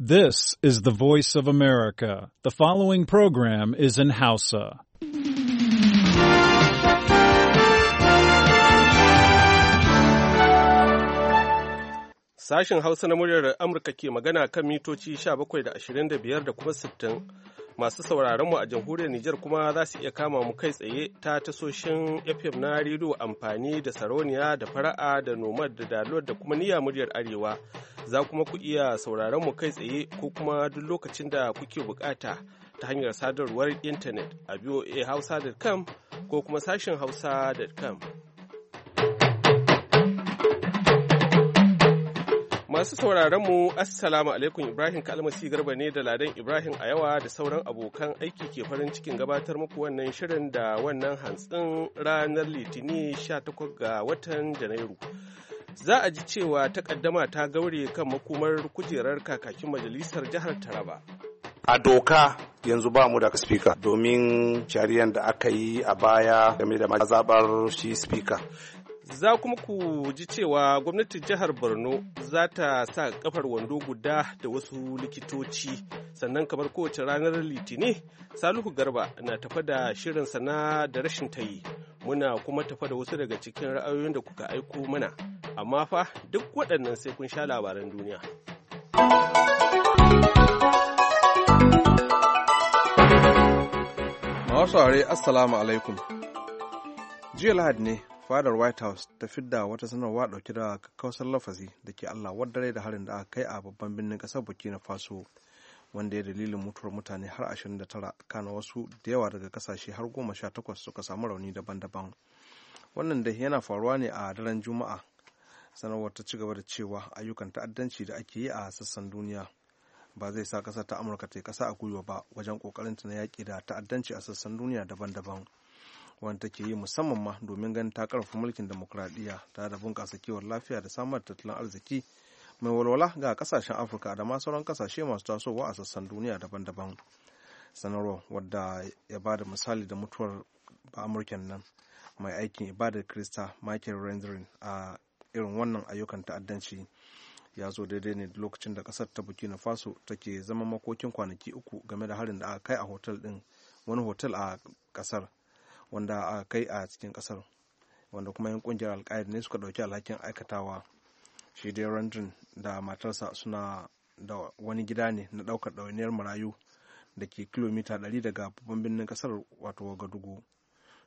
This is the voice of America. The following program is in Hausa. Sashen Hausa na muryar Amurka ke magana kan mitoci 17 da 25 da kuma 60. masu sauraronmu a jamhuriyar Nijar kuma za su iya kama mu kai tsaye ta tasoshin FM na rediyo amfani da saroniya da fara'a da nomad da dalot da kuma niyya muryar arewa za kuma ku iya sauraron mu kai tsaye ko kuma duk lokacin da kuke bukata ta hanyar sadarwar intanet a voahausa.com ko kuma sashin hausa.com Masu sauraron mu Assalamu alaikum Ibrahim Kalmasi Garba ne da Ladan Ibrahim a yawa da sauran abokan aiki ke farin cikin gabatar muku wannan shirin da wannan hantsin ranar Litini 18 ga watan Janairu. Za a ji cewa takaddama ta gaure kan makomar kujerar kakakin majalisar jihar Taraba. a doka yanzu ba mu da speaker domin shari'an da aka yi a baya game da mazabar shi speaker Za kuma ku ji cewa gwamnatin jihar Borno za ta sa kafar wando guda da wasu likitoci. Sannan kamar kowace ranar Litini, Salihu Garba na tafa da shirin sana da rashin tayi. Muna kuma tafa da wasu daga cikin ra'ayoyin da kuka aiko mana. Amma fa duk waɗannan sai kun sha labaran duniya. Masu assalamu alaikum. Jiya Lahadi ne fadar white house ta fidda wata sanarwa dauke da kakkausar lafazi da ke allah wadare da harin da aka kai a babban birnin kasar burkina faso wanda ya dalilin mutuwar mutane har 29 kana wasu da yawa daga kasashe har 18 suka samu rauni daban-daban wannan da yana faruwa ne a daren juma'a sanarwar ta ci gaba da cewa ayyukan ta'addanci da ake yi a sassan duniya ba zai sa kasa ta amurka ta yi kasa a gwiwa ba wajen kokarinta na yaƙi da ta'addanci a sassan duniya daban-daban wanda take yi musamman ma domin ganin ta karfafa mulkin demokuraɗiyya ta da bunkasa kiwon lafiya da samar da tattalin arziki mai walwala ga kasashen afirka da ma sauran kasashe masu tasowa a sassan duniya daban-daban sanarwa wadda ya ba da misali da mutuwar ba amurken nan mai aikin ibadar krista michael rendering a irin wannan ayyukan ta'addanci ya zo daidai ne lokacin da kasar ta na faso take zama makokin kwanaki uku game da harin da aka kai a hotel din wani hotel a kasar wanda a kai a cikin kasar wanda kuma yan kungiyar alkaida ne suka dauki alhakin aikatawa shi dai rundun da matarsa suna da wani gida ne na daukar ɗauniyar marayu da ke kilomita 100 daga babban birnin kasar wato wagadugu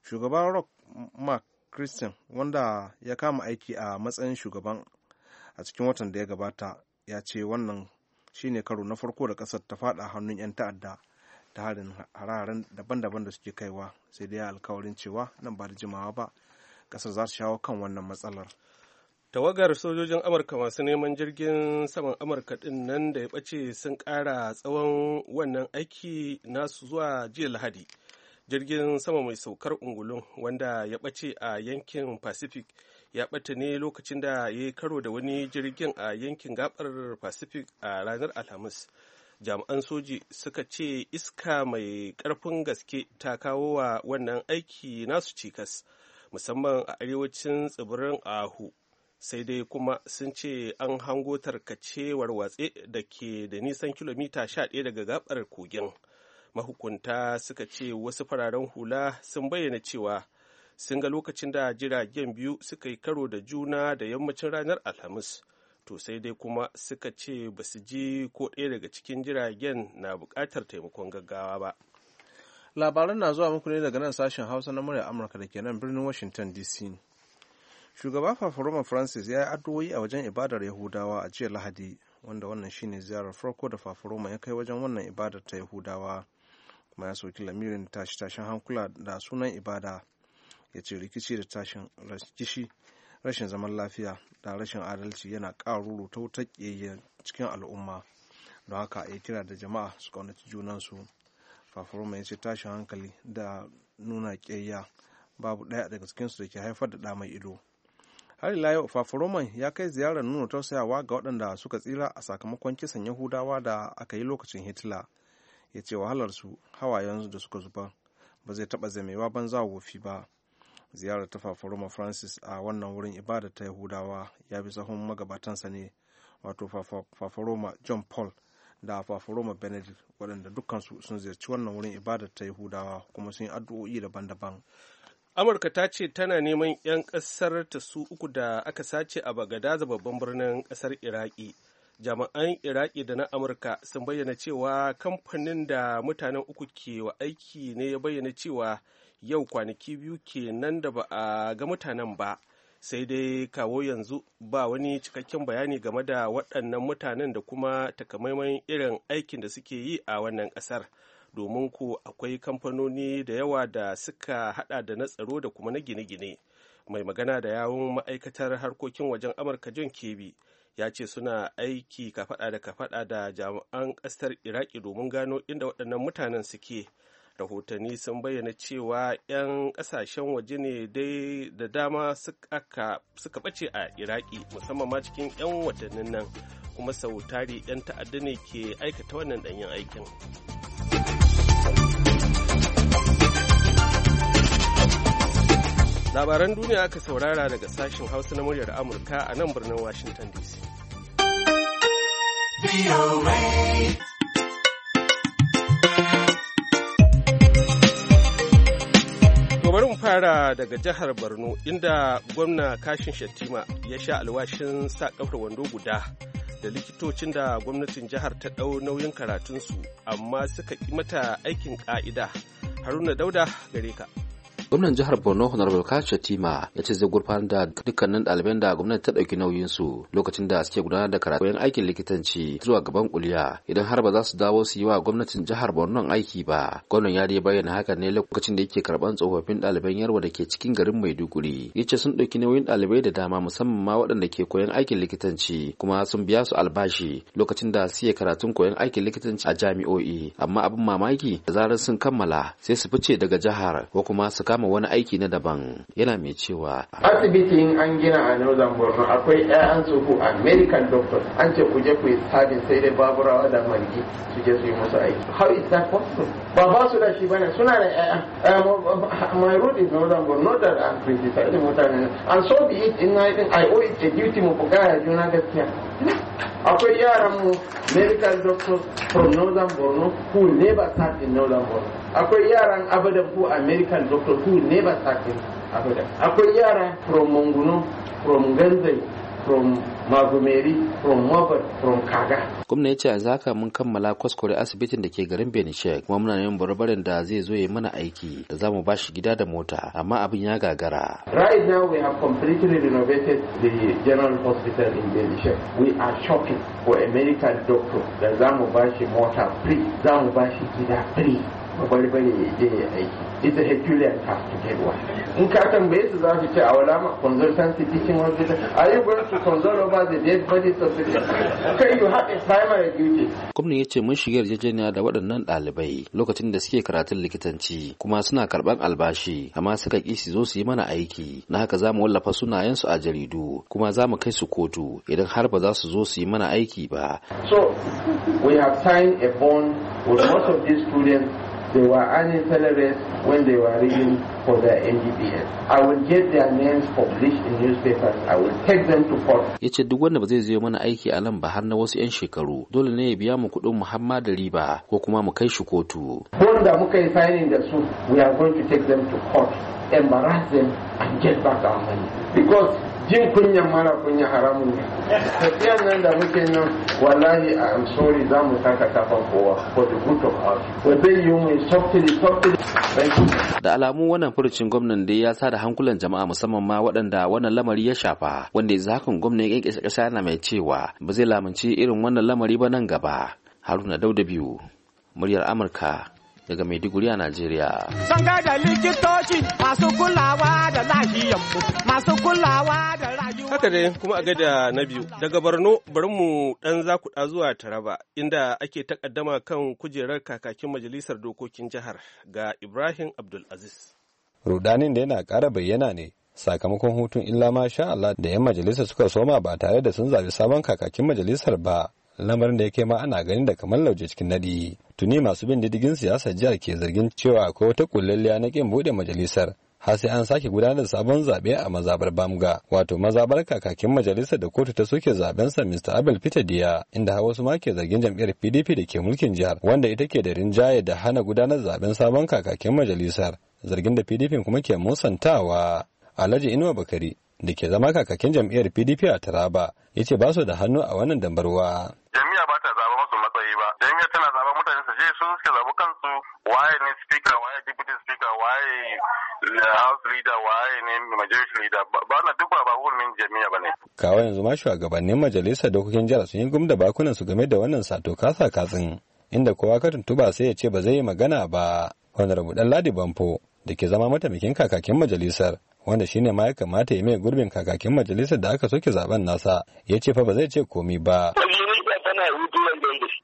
shugaban rock mark christian wanda ya kama aiki a matsayin shugaban a cikin watan da ya gabata ya ce wannan shine karo na farko da kasar ta fada hannun 'yan ta'adda da harin hararen daban-daban da suke kaiwa sai dai alkawarin cewa nan ba da jimawa ba kasar za su shawo kan wannan matsalar tawagar sojojin amurka masu neman jirgin saman amurka din nan da ya bace sun ƙara tsawon wannan aiki nasu zuwa jiya lahadi jirgin sama mai saukar ungulun wanda ya ɓace a yankin pacific ya ɓata ne lokacin da ya yi karo da wani jirgin a yankin gabar pacific a ranar alhamis jami'an soji suka ce iska mai ƙarfin gaske ta kawo wa wannan aiki nasu cikas musamman a arewacin tsibirin ahu sai dai kuma sun ce an hango tarkace warwatse da ke da nisan kilomita 11 daga gabar kogin mahukunta suka ce wasu fararen hula sun bayyana cewa sun ga lokacin da jiragen biyu suka yi karo da juna da yammacin ranar alhamis to sai dai kuma suka ce ba su ji ko ɗaya daga cikin jiragen na buƙatar taimakon gaggawa ba labaran na zuwa muku ne daga nan sashen hausa na murya amurka da ke nan birnin washington dc shugaba fafaroma francis ya yi addu'o'i a wajen ibadar yahudawa a jiya lahadi wanda wannan shine ziyarar farko da fafaroma ya kai wajen wannan ibadar ta yahudawa kuma ya soki lamirin tashi tashin hankula da sunan ibada ya ce rikici da tashin rikishi rashin zaman lafiya da rashin adalci yana ƙaruru ta wuta cikin al'umma don haka ya kira da jama'a su ƙaunaci junansu fafaroma ya ce tashin hankali da nuna ƙiyayya babu ɗaya daga cikinsu da ke haifar da ɗa ido har ila yau fafaroman ya kai ziyarar nuna tausayawa ga waɗanda suka tsira a sakamakon kisan yahudawa da aka yi lokacin hitler ya ce wahalarsu hawayen da suka zuba ba zai taɓa zamewa banza wofi ba ziyarar ta fafaroma francis a wannan wurin ibada ta yahudawa ya bi tsahon magabatansa ne wato fafaroma john paul da fafaroma benedict waɗanda dukkansu sun ziyarci wannan wurin ibada ta yahudawa kuma sun yi addu'o'i daban-daban amurka ta ce tana neman 'yan ƙasar ta su uku da aka sace a bagadaza babban birnin ƙasar iraki jami'an iraki da na amurka sun bayyana cewa kamfanin da mutanen uku ke wa aiki ne ya bayyana cewa yau kwanaki biyu kenan da ba a ga mutanen ba sai dai kawo yanzu ba wani cikakken bayani game da waɗannan mutanen da kuma takamaiman irin aikin da suke yi a wannan ƙasar domin ko akwai kamfanoni da yawa da suka hada da na tsaro da kuma na gine-gine mai magana da yawun ma'aikatar harkokin wajen amurka john kebi ya ce suna aiki kafaɗa da kafaɗa da jami'an ƙasar iraki domin gano inda waɗannan mutanen suke rahotanni sun bayyana cewa 'yan kasashen waje ne dai da dama suka bace a iraki musamman ma cikin 'yan watannin nan kuma sau tari 'yan ta'adda ne ke aikata wannan ɗanyen aikin labaran duniya aka saurara daga sashen hausa na muryar amurka a nan birnin washington dc fara daga jihar Borno inda gwamna Kashin Shattima ya sha alwashin sa kafar wando guda da likitocin da gwamnatin jihar ta ɗau nauyin karatunsu amma suka ƙi mata aikin ƙa'ida. Haruna Dauda gare ka. gwamnan jihar borno honorable kacha tima ya ce zai gurfanar da dukkanin ɗaliban da gwamnati ta ɗauki nauyin su lokacin da suke gudanar da karatun aikin likitanci zuwa gaban kuliya idan har ba za su dawo su yi wa gwamnatin jihar borno aiki ba gwamnan ya dai bayyana haka ne lokacin da yake karɓan tsofaffin ɗaliban yarwa da ke cikin garin maiduguri ya ce sun ɗauki nauyin ɗalibai da dama musamman ma waɗanda ke koyan aikin likitanci kuma sun biya su albashi lokacin da suke karatun koyan aikin likitanci a jami'o'i amma abin mamaki da zarar sun kammala sai su fice daga jihar ko kuma su kama kama wani aiki na daban yana mai cewa asibitin an gina a northern borno akwai 'ya'yan tsoho american doctors an ce ku je ku yi sai dai baburawa da su je su yi musu aiki how is that possible ba ba su da shi bane suna eh, my road is northern borno that i'm criticizing mutane and so be it in i think i owe it a duty mu ku juna gaskiya akwai yaran mu medical doctors from northern borno who never start in northern borno akwai yaran abadan who american medical who never start in abadan akwai yaran from monguno from ganzai from magumeri from mabar from kaga gwamna ya ce a zaka mun kammala kwaskwari asibitin da ke garin benishek kuma muna yin barbarin da zai zo ya mana aiki da za mu ba shi gida da mota amma abin ya gagara right now we have completely renovated the general hospital in benishek we are shopping for a medical doctor da za mu ba shi mota free za mu ba shi gida free akwai bane ya je ya aiki it's a peculiar task to get one in ka bai su za su ce a wala ma consultancy teaching hospital are you going to consult over the dead bodies of the kai you have a primary duty gwamnan ya ce mun shiga yarjejeniya da waɗannan ɗalibai lokacin da suke karatun likitanci kuma suna karɓar albashi amma suka ƙi su zo su yi mana aiki na haka za mu wallafa sunayensu a jaridu kuma za mu kai su kotu idan har ba za su zo su yi mana aiki ba so we have signed a bond with most of these students they were adding salaries when they were reading for their NDPS. I will get their names published in newspapers. I will take them to court. Ya ce duk wanda ba zai zai mana aiki a nan ba har na wasu 'yan shekaru dole ne ya biya mu kuɗin Muhammad da riba ko kuma mu kai shi kotu. Wanda muka yi signing da su, we are going to take them to court, embarrass them and get back our money. Because jin kunyan mara kunya haramun ne tafiyan nan da muke nan wallahi a amsori za mu taka kafan kowa for the good of us wa zai yi mai softly softly da alamu wannan furucin gwamnan da ya sa da hankulan jama'a musamman ma waɗanda wannan lamari ya shafa wanda yanzu hakan gwamnan ya kyankyasa ƙasa yana mai cewa ba zai lamunci irin wannan lamari ba nan gaba haruna dauda biyu muryar amurka daga Maiduguri a Najeriya. Sun da likitoci masu kulawa da lahiyanmu masu Haka dai kuma a gada na biyu daga barno bari mu dan zakuɗa zuwa Taraba inda ake takaddama kan kujerar kakakin majalisar dokokin jihar ga Ibrahim abdulaziz. Aziz. Rudanin da yana ƙara bayyana ne sakamakon hutun illa ma sha Allah da 'yan majalisar suka soma ba tare da sun zabi sabon kakakin majalisar ba lamarin da yake ma ana ganin da kamar lauje cikin nadi tuni masu bin diddigin siyasar jihar ke zargin cewa akwai wata kullalliya na kin buɗe majalisar har sai an sake gudanar da sabon zaɓe a mazabar Bamga wato mazabar kakakin majalisar da kotu ta soke zaben sa Mr. Abel Peter Diya inda har wasu ma ke zargin jam'iyyar PDP da ke mulkin jihar wanda ita ke da rinjaye da hana gudanar zaben sabon kakakin majalisar zargin da PDP kuma ke musantawa Alhaji Inuwa Bakari da ke zama kakakin jam'iyyar PDP a Taraba ya ce ba su da hannu a wannan dambarwa. Jami'a ba ta zaɓa masu matsayi ba, jami'a tana zaɓa mutane su je su suke zaɓa kan waye ne speaker waye deputy speaker waye uh, house leader waye ne majority leader ba na duk ba min jami'a ne. kawo yanzu ma shugabannin majalisar dokokin jihar sun yi gumda bakunan su game da wannan sato kasa katsin inda kowa ka tuntuba sai ya ce ba zai yi magana ba honorable dan ladi banfo da ke zama mataimakin kakakin majalisar wanda shine ma ya kamata ya mai gurbin kakakin majalisar da aka soke zaben nasa ya ce fa ba zai ce komi ba tana hutu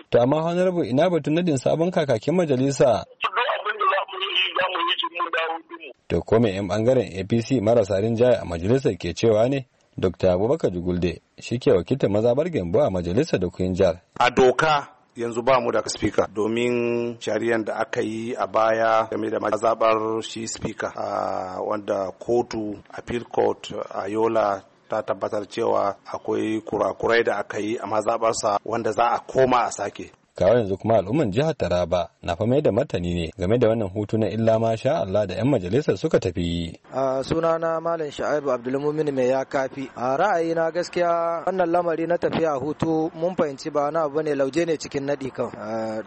To amma honorable ina batun nadin sabon kakakin majalisa. To ko 'yan bangaren APC marasa rinjaye a majalisar ke cewa ne? Dr. Abubakar Jugulde shi ke wakiltar mazabar Gembo a majalisar kuyin jihar. A doka yanzu ba mu da spika domin shari'ar da aka yi a baya game da mazabar shi A wanda kotu appeal court a yola ta tabbatar cewa akwai kurakurai da aka yi a mazaɓarsa wanda za a koma a sake kawo yanzu kuma al'umman jihar Taraba na fa mai da martani ne game da wannan hutu na illa ma sha Allah da yan majalisar suka tafi. A sunana Malam Sha'ibu Abdulmumin mai ya kafi. A na gaskiya wannan lamari na tafiya hutu mun fahimci ba na bane lauje ne cikin nadi kan.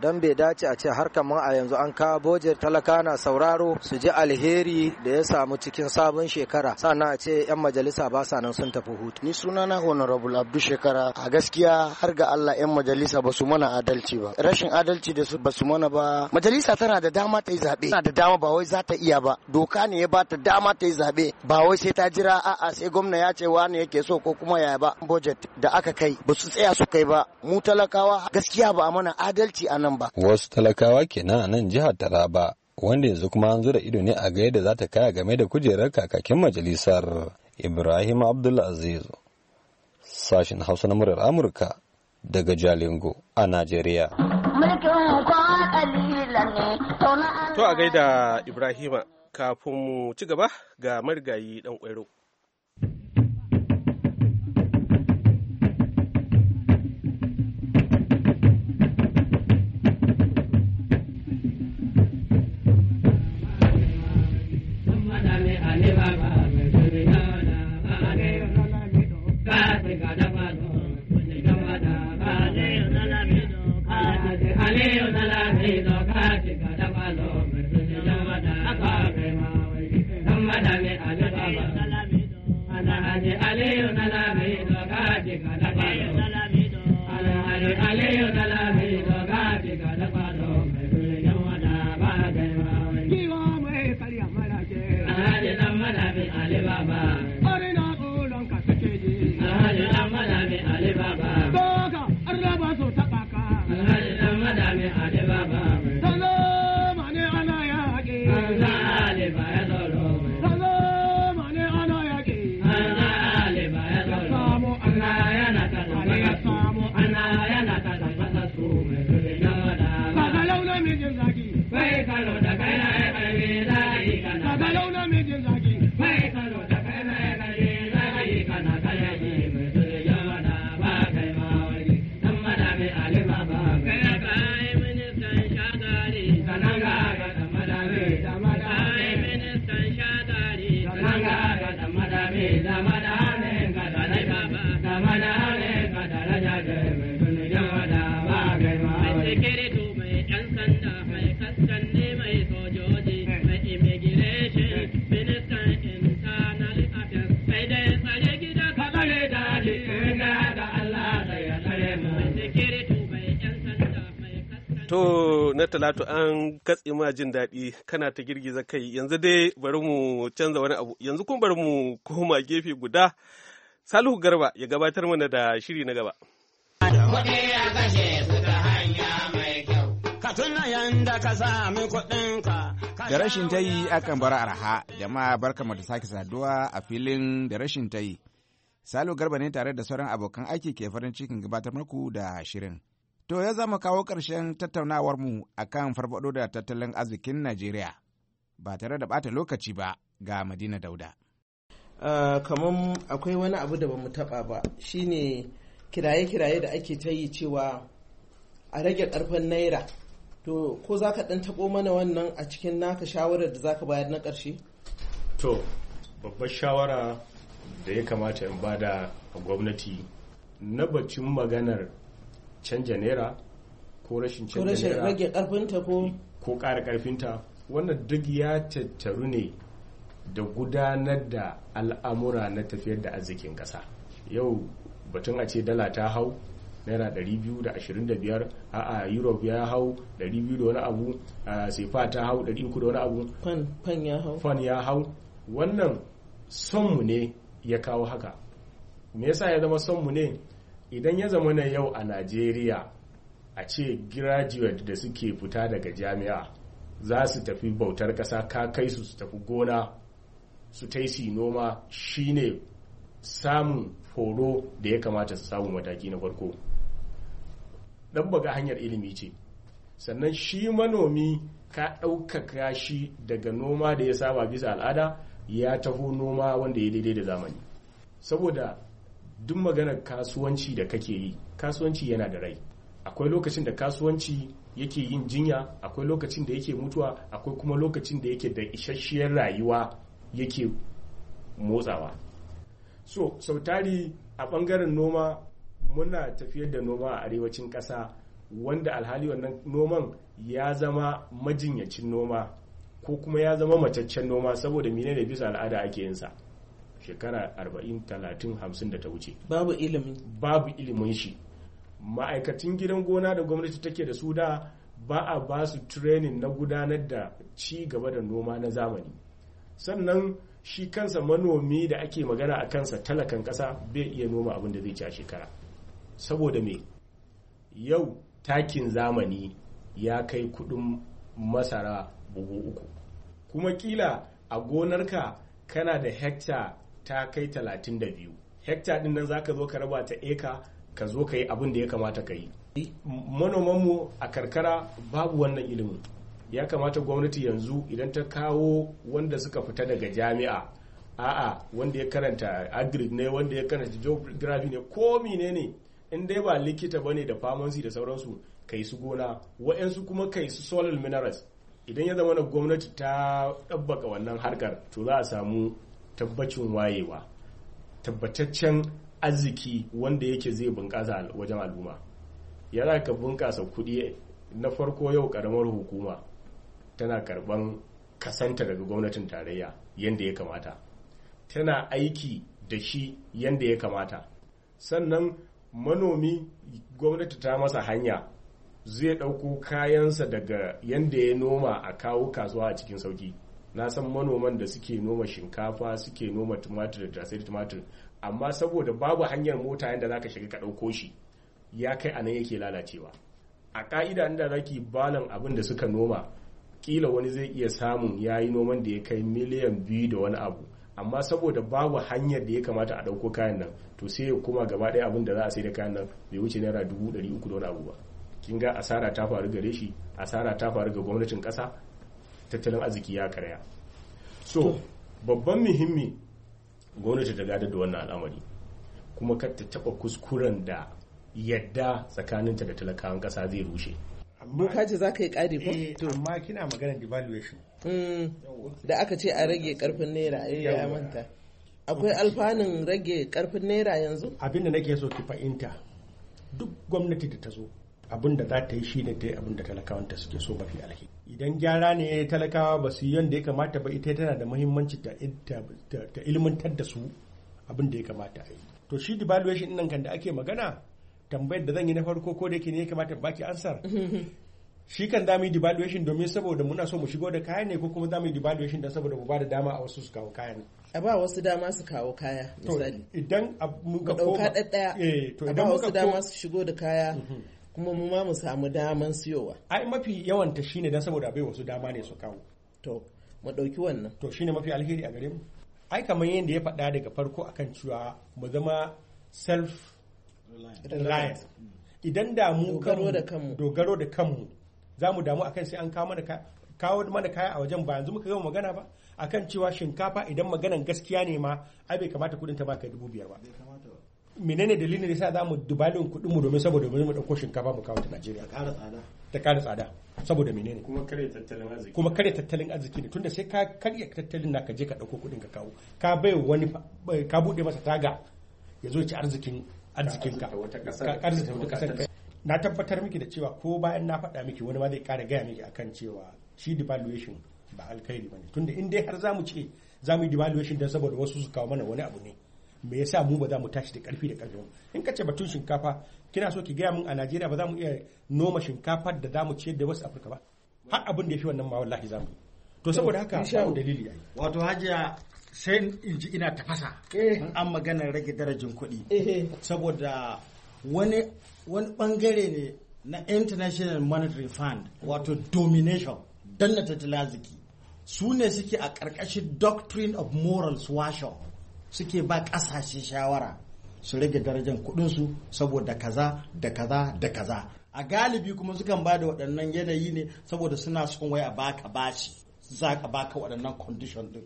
Dan bai dace a ce har mun a yanzu an kawo bojer talaka na sauraro su ji alheri da ya samu cikin sabon shekara. Sannan a ce yan majalisa ba sa nan sun tafi hutu. Ni sunana Honorable Abdul Shekara a gaskiya har ga Allah yan majalisa ba su mana adalci ba rashin adalci da su ba su mana ba majalisa tana da dama ta yi zaɓe tana da dama ba wai za ta iya ba doka ne ya ba ta dama ta yi zaɓe ba wai sai ta jira a'a sai gwamna ya ce wani yake so ko kuma ya ba budget da aka kai ba su tsaya su kai ba mu talakawa gaskiya ba a mana adalci a nan ba wasu talakawa kenan a nan jihar Taraba wanda yanzu kuma an zura ido ne a ga yadda za ta kaya game da kujerar kakakin majalisar Ibrahim Abdulaziz sashin Hausa na murar Amurka daga Jalingo a Najeriya. To a gaida Ibrahima kafin mu ci gaba ga marigayi ɗan ƙwairo. To na talatu an katse ma jin daɗi kana ta girgiza kai yanzu dai bari mu canza wani abu yanzu kun bari mu koma gefe guda Salihu Garba ya gabatar mana da shiri na gaba. Da rashin ta yi akan bar arha jama'a barkama da sake saduwa a filin da rashin ta yi. Salo Garba ne tare da sauran abokan aiki ke farin cikin gabatar muku da shirin. To ya zama kawo ƙarshen tattaunawarmu a kan farfaɗo da tattalin arzikin Najeriya ba tare da bata lokaci ba ga Madina Dauda. kamar akwai wani abu da bamu taɓa ba shine kiraye-kiraye da ake ta yi cewa a rage ƙarfin naira to ko za ka ɗan taɓo mana wannan a cikin naka shawarar da za ka bayar na ƙarshe? to babbar shawara da ya kamata in bada a gwamnati na bacin maganar canja naira ko rashin canja naira ko rage karfinta ko ko ƙara karfinta wannan duk ya tattaru ne da gudanar da al'amura na tafiyar da arzikin ƙasa yau batun a ce dala ta hau naira 225 a'a europe ya hau 200 da wani abu sefa ta hau 300 da wani abu fan ya hau fan ya hau wannan sonmu ne ya kawo haka me yasa ya zama sonmu ne idan ya zama na yau a najeriya a ce graduate da suke fita daga jami'a za su tafi bautar ƙasa ka kai su su tafi gona su taisi noma shine samun horo da ya kamata su samu mataki na farko baga hanyar ilimi ce sannan shi manomi ka ɗaukaka shi daga noma da ya saba bisa al'ada ya taho noma wanda ya daidai da zamani saboda duk maganar kasuwanci da kake yi kasuwanci yana da rai akwai lokacin da kasuwanci yake yin jinya akwai lokacin da yake mutuwa akwai kuma lokacin da yake da isasshiyar rayuwa yake motsawa so sau tari a bangaren noma muna tafiyar da noma a arewacin ƙasa wanda alhali wannan noman ya zama majinyacin noma ko kuma ya zama mataccen noma saboda mine da bisa al'ada ake yinsa shekara 40 30 50 da ta wuce babu ilimin babu ilimin shi ma'aikatan gidan gona da gwamnati take da su da ba a ba su training na gudanar da ci gaba da noma na zamani sannan shi kansa manomi da ake magana a kansa talakan ƙasa bai iya noma abin da zai ci a shekara saboda me yau takin zamani ya kai kudin masara buhu uku kuma kila a gonarka kana da hekta ta kai 32 hekta din nan zaka zo ka raba ta eka ka zo ka yi abin da ya kamata ka yi manomanmu a karkara babu wannan ilimin ya kamata gwamnati yanzu idan ta kawo wanda suka fita daga jami'a a'a wanda ya karanta agric ne wanda ya karanta geography ne ko mine ne in dai ba likita ba ne da famansi da sauransu kai su gona wa'yansu kuma kai su solar minerals idan ya zama na gwamnati ta ɗabbaka wannan harkar to za a samu tabbacin wayewa tabbataccen arziki wanda yake zai bunƙasa wajen al'umma yana ka bunƙasa kuɗi na farko yau ƙaramar hukuma tana karɓan kasanta daga gwamnatin tarayya yadda ya kamata tana aiki da shi yadda ya kamata sannan manomi gwamnati ta masa hanya zai ɗauko kayansa daga yadda ya noma a kawo kasuwa a cikin sauki na san manoman da suke noma shinkafa suke noma tumatir da sai tumatir amma saboda babu hanyar mota yadda zaka shiga ka ɗauko shi ya kai a anan yake lalacewa a ka'ida inda zaki balan abin da suka noma kila wani zai iya samun ya yi noman da ya kai miliyan biyu da wani abu amma saboda babu hanyar da ya kamata a ɗauko kayan nan to sai ya kuma gaba ɗaya abin da za a sai da kayan nan bai wuce naira dubu ɗari uku da wani abu ba kin ga asara ta faru gare shi asara ta faru ga gwamnatin ƙasa tattalin arziki ya karya so babban muhimmi gwamnati ta gadar da wannan al'amari kuma kar ta taba kuskuren da yadda tsakaninta da talakawan kasa zai rushe amma kaji za ka yi kare eh, to amma kina maganar devaluation hmm, da aka ce a rage karfin naira eh, ya manta akwai alfanun rage karfin naira yanzu abin da nake so ki fahimta duk gwamnati da ta zo abin da za ta yi shine ta yi abin da talakawanta suke so mafi alheri idan gyara ne talakawa ba su yi yadda ya kamata ba ita tana da muhimmanci ta ilmantar da su abin da ya kamata a yi to shi devaluation nan kan da ake magana tambayar da zan yi na farko ko da yake ne ya kamata ba ki ansar shi kan zamu yi devaluation domin saboda muna so mu shigo da kaya ne ko kuma zamu yi devaluation don saboda mu ba da dama a wasu su kawo kayan. a ba wasu dama su kawo kaya misali idan muka koma ɗaya eh, to idan muka dama su shigo da kaya mhm. kuma mu ma mu samu daman siyowa ai mafi yawan ta shine dan saboda bai wasu dama ne su kawo to mu dauki wannan to shine mafi alheri a gare mu ai kamar yadda ya faɗa daga farko akan cewa mu zama self reliant idan da mu dogaro da kanmu za mu damu akan sai an kawo mana kaya kawo mana kaya a wajen ba yanzu muka gama magana ba akan cewa shinkafa idan maganan gaskiya ne ma ai bai kamata kudin ta baka dubu biyar ba menene dalilin da sa za mu dubalin kuɗin mu domin saboda mu dauko shinkafa mu kawo ta Najeriya ƙara tsada ta ƙara tsada saboda menene kuma kare tattalin arziki kuma kare tattalin arziki ne tunda sai ka karya tattalin naka je ka dauko kuɗin ka kawo ka bai wani ka bude masa taga ya zo ci arzikin arzikin ka arzikin wata kasar na tabbatar miki da cewa ko bayan na faɗa miki wani ma zai ƙara gaya miki akan cewa shi devaluation ba alkhairi bane tunda in dai har zamu ce zamu yi devaluation dan saboda wasu su kawo mana wani abu ne me yasa mu ba za mu tashi da karfi da karfi in ka ce batun shinkafa kina so ki gaya mun a Najeriya ba za mu iya noma shinkafa da za mu ciyar da wasu Afirka ba har abin da ya fi wannan ma wallahi za mu to saboda haka babu dalili yi wato hajiya sai in ji ina tafasa eh. an magana rage darajin kuɗi eh. saboda wani wani bangare ne na international monetary fund wato domination don na tattalin arziki su ne suke a ƙarƙashin doctrine of morals washout suke ba ƙasashe shawara su rage darajar kuɗinsu saboda kaza da kaza da kaza a galibi kuma sukan ba da waɗannan yanayi ne saboda suna son waya baka bashi za ka baka waɗannan condition din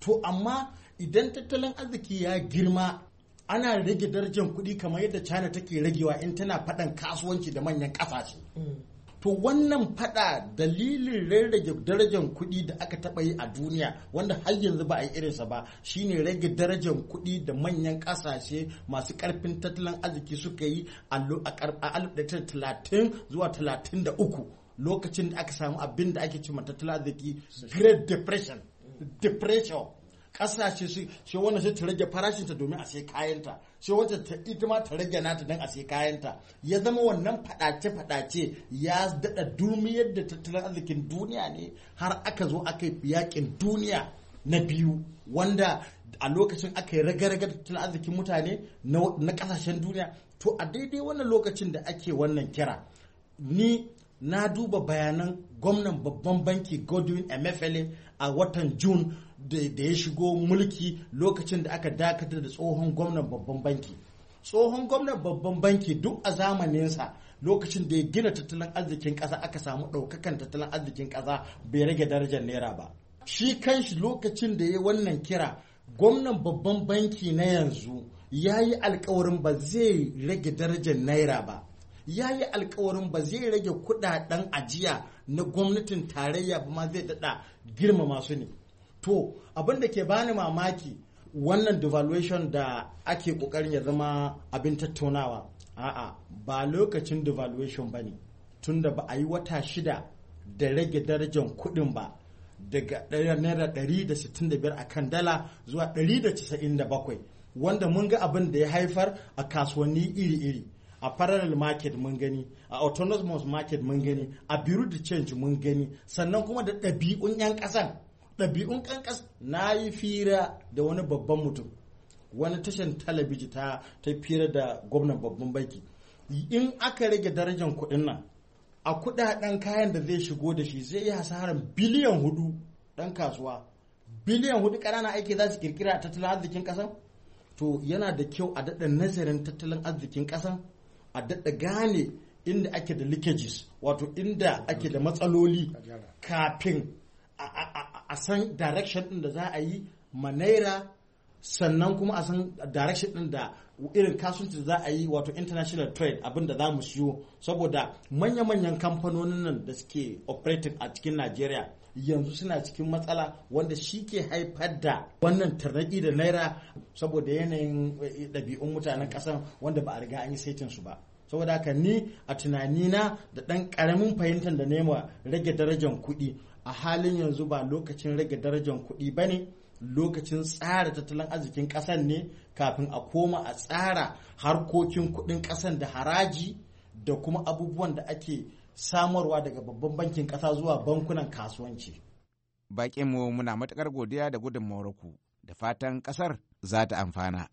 to amma idan tattalin arziki ya girma ana rage darajar kuɗi kamar yadda china take ragewa in tana faɗan kasuwanci da manyan ƙasashe mm. to wannan fada dalilin rage darajar kuɗi da aka taɓa yi a duniya wanda har yanzu ba a yi irinsa ba shine rage darajar kuɗi da manyan ƙasashe masu ƙarfin tattalin arziki suka yi a 1930 zuwa 33 lokacin da aka samu abin da ake cewa tattalin arziki great depression depression kasashe su shi wanda sai ta rage farashin ta domin a sai kayanta shi wata ta ita ma ta rage nata don a sai kayanta ya zama wannan fadace fadace ya daɗa durmiyar yadda tattalin arzikin duniya ne har aka zo aka yi yakin duniya na biyu wanda a lokacin aka yi rage rage tattalin arzikin mutane na kasashen duniya to a daidai wannan lokacin da ake wannan kira ni na duba bayanan gwamnan babban banki godwin emefele a watan june da ya shigo mulki lokacin da aka dakatar da tsohon gwamnan babban banki tsohon gwamnan babban banki duk a zamaninsa lokacin da ya gina tattalin arzikin ƙasa aka samu ɗaukakan tattalin arzikin ƙasa bai rage darajar naira ba shi kanshi lokacin da ya wannan kira gwamnan babban banki na yanzu ya yi alkawarin ba zai rage darajar naira ba ya yi alkawarin ba zai rage kudaden ajiya na gwamnatin tarayya ba ma zai daɗa girmama su ne to abin da ke bani mamaki wannan devaluation da ake kokarin ya zama abin tattaunawa a'a ba lokacin devaluation ba ne tunda ba a yi wata shida da rage darajar kuɗin ba daga ɗaya naira 165 a kan dala zuwa da da casa'in bakwai. wanda mun ga abin da ya haifar a kasuwanni iri-iri a parallel market mun gani a autonomous market mun gani a bureau change mun gani sannan kuma da ɗabi'un 'yan ƙasan ɗabi'un ƙanƙas na yi fira da wani babban mutum wani tashin talabiji ta ta fira da gwamnan babban banki in aka rage darajar kuɗin nan a kuɗaɗen kayan da zai shigo da shi zai yi hasaran biliyan hudu ɗan kasuwa biliyan hudu ƙanana aiki za su kirkira tattalin arzikin ƙasan to yana da kyau a daɗa nazarin tattalin arzikin ƙasan a daɗa gane inda ake da leakages wato inda ake da matsaloli kafin a san direction din da za a yi ma naira sannan kuma a san direction din da irin kasuwanci za a yi wato international trade abin da za mu siyo saboda manya-manyan kamfanonin nan da suke operating a cikin Najeriya yanzu suna cikin matsala wanda shi ke haifar da wannan tarnaki da naira saboda yanayin eh, ɗabi'un mutanen ƙasar wanda ba a riga an yi saitin su ba saboda haka ni a tunanina da ɗan ƙaramin fahimtar da nema rage darajar kuɗi a halin yanzu ba lokacin rage darajar kuɗi ba ne lokacin tsara tattalin arzikin ƙasar ne kafin a koma a tsara harkokin kuɗin ƙasar da haraji da kuma abubuwan da ake samarwa daga babban bankin ƙasa zuwa bankunan kasuwanci. Baƙin mu muna matuƙar godiya da gudun ku da fatan ƙasar za ta amfana.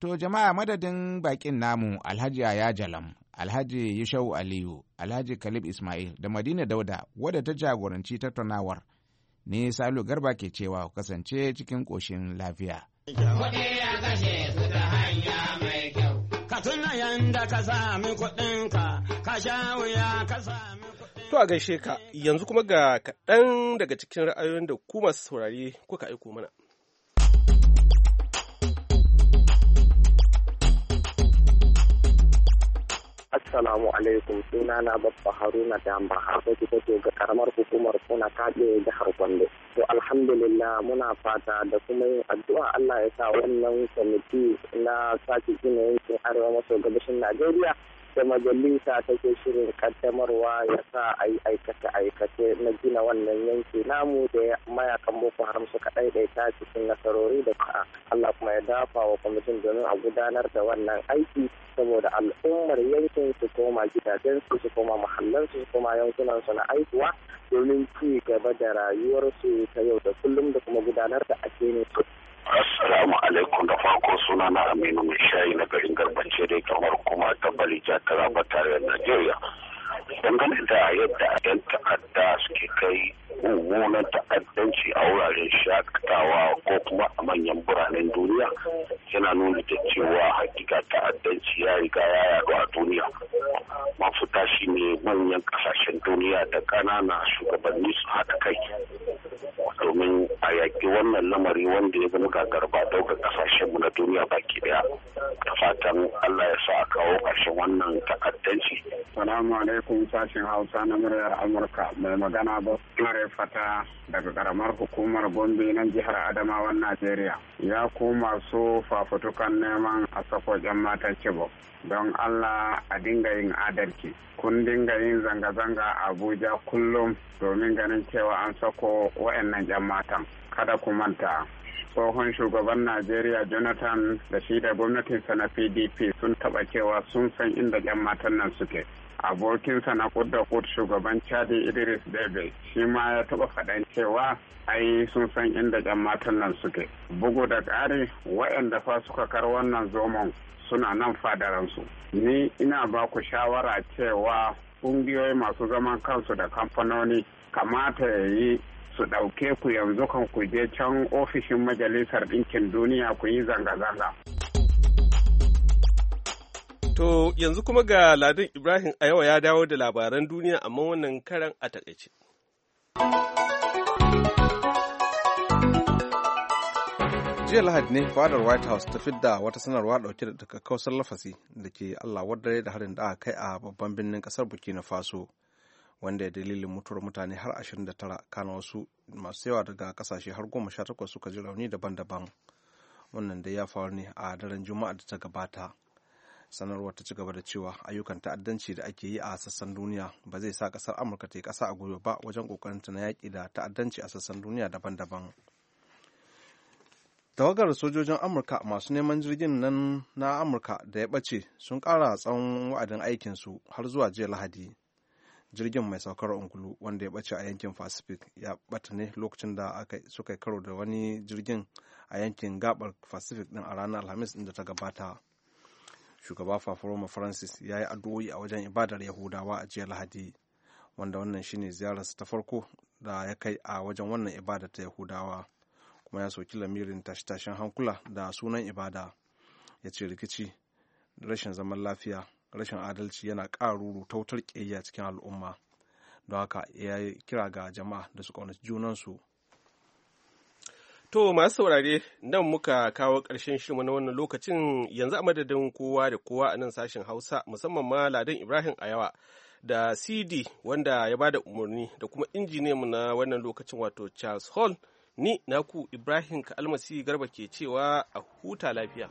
To jama'a madadin baƙin namu Alhaji Yaya Jalam, Alhaji Yishau Aliyu, alhaji kalib ismail da madina dauda wadda ta jagoranci tattaunawar ne salu garba ke cewa kasance cikin koshin lafiya ka tuna yanda ka sami kuɗinka ka sha wuya ka sami To a gaishe ka yanzu kuma ga kaɗan daga cikin ra'ayoyin da kuma masu kuka aiko mana. Assalamu alaikum suna na babba Haruna Damba Hafa ki take ga karamar hukumar kuna kaɗe jihar Gombe. To alhamdulillah muna fata da kuma yin addu'a Allah ya sa wannan kwamiti na sake gina yankin arewa maso gabashin Najeriya da majalisa ta ke shirin kaddamarwa ya sa a yi aikace-aikace na gina wannan yanki namu da mayakan boko haram suka ta cikin nasarori da ka Allah kuma ya dafa wa kwamitin domin a gudanar da wannan aiki saboda al'ummar yankin su koma gidajensu su koma mahallansu su koma yankunansu na aikuwa domin ci gaba da rayuwarsu ta yau da kullum da kuma gudanar da addinin su Assalamu alaikum da farko suna na Aminu mai shayi na garin garbance dai kamar kuma ta Balija ta raba tarayyar Najeriya. Dangane da yadda 'yan ta'adda suke kai mummunan ta'addanci a wuraren shakatawa ko kuma a manyan biranen duniya yana nuna da cewa hakika ta'addanci ya riga ya yaɗu a duniya. Mafuta shi ne manyan ƙasashen duniya da ƙanana shugabanni su haɗa kai. domin a yaƙi wannan lamari wanda ya zama gagarba daukar kasashenmu na duniya baki daya da fatan Allah ya sa a kawo ƙarshen wannan ta'addanci. Salamu alaikum sashen Hausa na muryar Amurka mai magana ba Mare Fata daga karamar hukumar Gombe na jihar Adamawan Najeriya. Ya koma so fafutukan neman a sako yan matan cibo Don Allah a dinga yin adalci. Kun dinga yin zanga-zanga a Abuja kullum domin ganin cewa an sako wa'annan 'yan matan kada ku manta tsohon shugaban najeriya jonathan da shi da gwamnatinsa na pdp sun taɓa cewa sun san inda 'yan matan nan suke abokinsa na kudda kud shugaban chadi idris debe shi ma ya taɓa faɗan cewa ai sun san inda 'yan matan nan suke bugu da ƙari waɗanda fa suka kar wannan zomon suna nan fadaransu ni ina ba ku shawara cewa ƙungiyoyi masu zaman kansu da kamfanoni kamata ya yi su ɗauke ku yanzu kan ku je can ofishin majalisar ɗinkin duniya ku yi zanga-zanga. To yanzu kuma ga Ladin Ibrahim a yawa ya dawo da labaran duniya amma wannan karan a takaice. jiya lahadi ne fadar white house ta da wata sanarwa dauke da takakkausar lafasi da ke allah wadare da harin da aka kai a babban birnin kasar burkina faso wanda ya dalilin mutuwar mutane har 29 kana wasu masu yawa daga kasashe har 18 suka ji rauni daban-daban wannan da ya faru ne a daren juma'a da ta gabata sanarwar ta ci gaba da cewa ayyukan ta'addanci da ake yi a sassan duniya ba zai sa kasar amurka ta yi kasa a gwiwa ba wajen kokarinta na yaƙi da ta'addanci a sassan duniya daban-daban tawagar sojojin amurka masu neman jirgin nan na amurka da ya ɓace sun ƙara tsawon wa'adin aikinsu har zuwa jiya lahadi jirgin mai saukar ungulu wanda ya bace a yankin pacific ya bata ne lokacin da suka karo da wani jirgin a yankin gabar pacific din a ranar alhamis inda ta gabata shugaba faforoma francis ya yi addu'o'i a wajen ibadar yahudawa a jiya lahadi wanda wannan shine ziyararsa ta farko da ya kai a wajen wannan ibada ta yahudawa kuma ya soki lamirin tashe-tashen hankula da sunan ibada ya ce rikici rashin zaman lafiya rashin adalci yana ƙaruru tautar wutar cikin al'umma don haka ya kira ga jama'a da su ƙaunaci junansu To masu saurare nan muka kawo ƙarshen shirma na wannan lokacin yanzu a madadin kowa da kowa a nan sashen Hausa musamman ma Ladan Ibrahim Ayawa da CD wanda ya bada umarni da kuma mu na wannan lokacin wato Charles Hall ni naku Ibrahim Kalmasi Garba ke cewa a huta lafiya.